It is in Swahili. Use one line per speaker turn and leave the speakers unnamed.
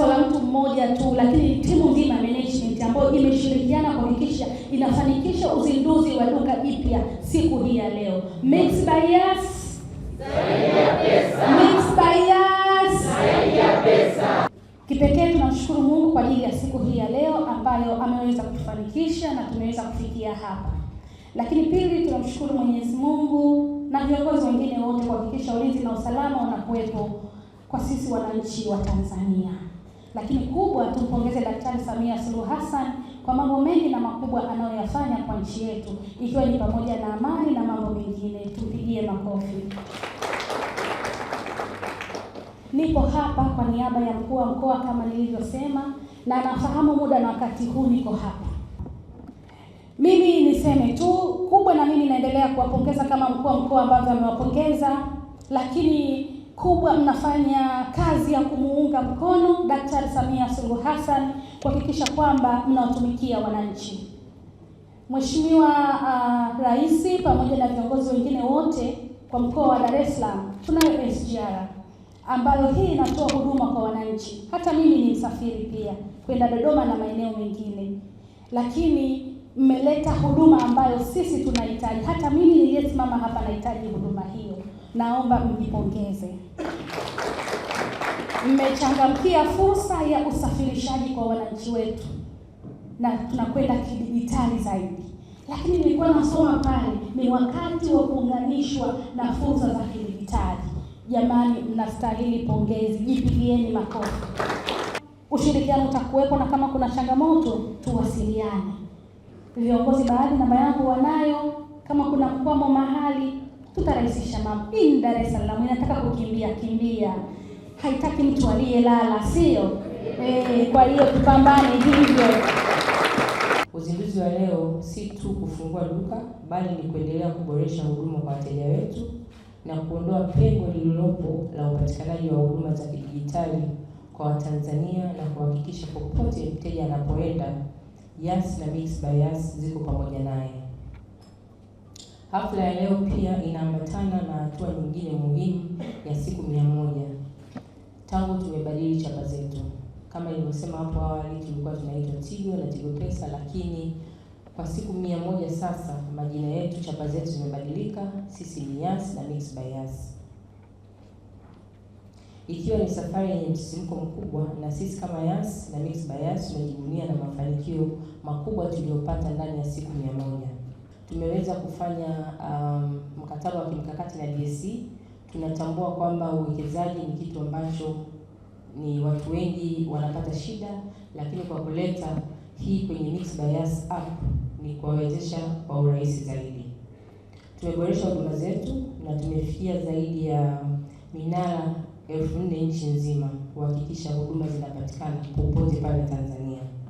wazo la mtu mmoja tu, lakini timu nzima management ambayo imeshirikiana kuhakikisha inafanikisha uzinduzi wa duka jipya siku hii ya leo. Mix by Us, Mix by Us, Kipekee tunamshukuru Mungu kwa ajili ya siku hii ya leo ambayo ameweza kutufanikisha na tumeweza kufikia hapa, lakini pili tunamshukuru Mwenyezi Mungu na viongozi wengine wote kuhakikisha ulinzi na usalama unakuwepo kwa sisi wananchi wa Tanzania. Lakini kubwa tumpongeze Daktari Samia Suluhu Hassan kwa mambo mengi na makubwa anayoyafanya kwa nchi yetu, ikiwa ni pamoja na amani na mambo mengine. tupigie makofi. Nipo hapa kwa niaba ya mkuu wa mkoa kama nilivyosema, na nafahamu muda na wakati huu niko hapa. Mimi niseme tu kubwa, na mimi naendelea kuwapongeza kama mkuu wa mkoa ambavyo amewapongeza, lakini kubwa mnafanya kazi ya kumuunga mkono Daktari Samia Suluhu Hassan kuhakikisha kwamba mnawatumikia wananchi. Mheshimiwa uh, Rais pamoja na viongozi wengine wote kwa mkoa wa Dar es Salaam tunayo SGR ambayo hii inatoa huduma kwa wananchi. Hata mimi ni msafiri pia kwenda Dodoma na maeneo mengine, lakini mmeleta huduma ambayo sisi tunahitaji. Hata mimi niliyesimama hapa nahitaji huduma hiyo naomba mjipongeze. Mmechangamkia fursa ya usafirishaji kwa wananchi wetu na tunakwenda kidijitali zaidi, lakini nilikuwa nasoma pale, ni wakati wa kuunganishwa na fursa za kidijitali. Jamani, mnastahili pongezi, jipigieni makofi. Ushirikiano utakuwepo, na kama kuna changamoto tuwasiliane. Viongozi baadhi namba yangu wanayo, kama kuna kwamo mahali tutarahisisha mambo. Hii Dar es Salaam, inataka kukimbia kimbia, haitaki mtu aliyelala, sio eh? Kwa hiyo tupambane hivyo.
Uzinduzi wa leo si tu kufungua duka, bali ni kuendelea kuboresha huduma kwa wateja wetu na kuondoa pengo lililopo la upatikanaji wa huduma za kidijitali kwa Watanzania na kuhakikisha popote mteja anapoenda, Yas na Mixx by Yas ziko pamoja naye. Hafla ya leo pia inaambatana na hatua nyingine muhimu ya siku mia moja tangu tumebadili chapa zetu. Kama nilivyosema hapo awali, tulikuwa tunaitwa Tigo na Tigo Pesa, lakini kwa siku mia moja sasa majina yetu, chapa zetu zimebadilika. Sisi ni Yas na Mixx by Yas, ikiwa ni safari yenye msisimko mkubwa, na sisi kama Yas na Mixx by Yas tumejivunia na mafanikio makubwa tuliyopata ndani ya siku mia moja tumeweza kufanya um, mkataba wa kimkakati na DSC. Tunatambua kwamba uwekezaji ni kitu ambacho ni watu wengi wanapata shida, lakini kwa kuleta hii kwenye Mixx bias app ni kuwawezesha kwa urahisi zaidi. Tumeboresha huduma zetu na tumefikia zaidi ya minara elfu nne nchi nzima kuhakikisha huduma zinapatikana popote pale Tanzania.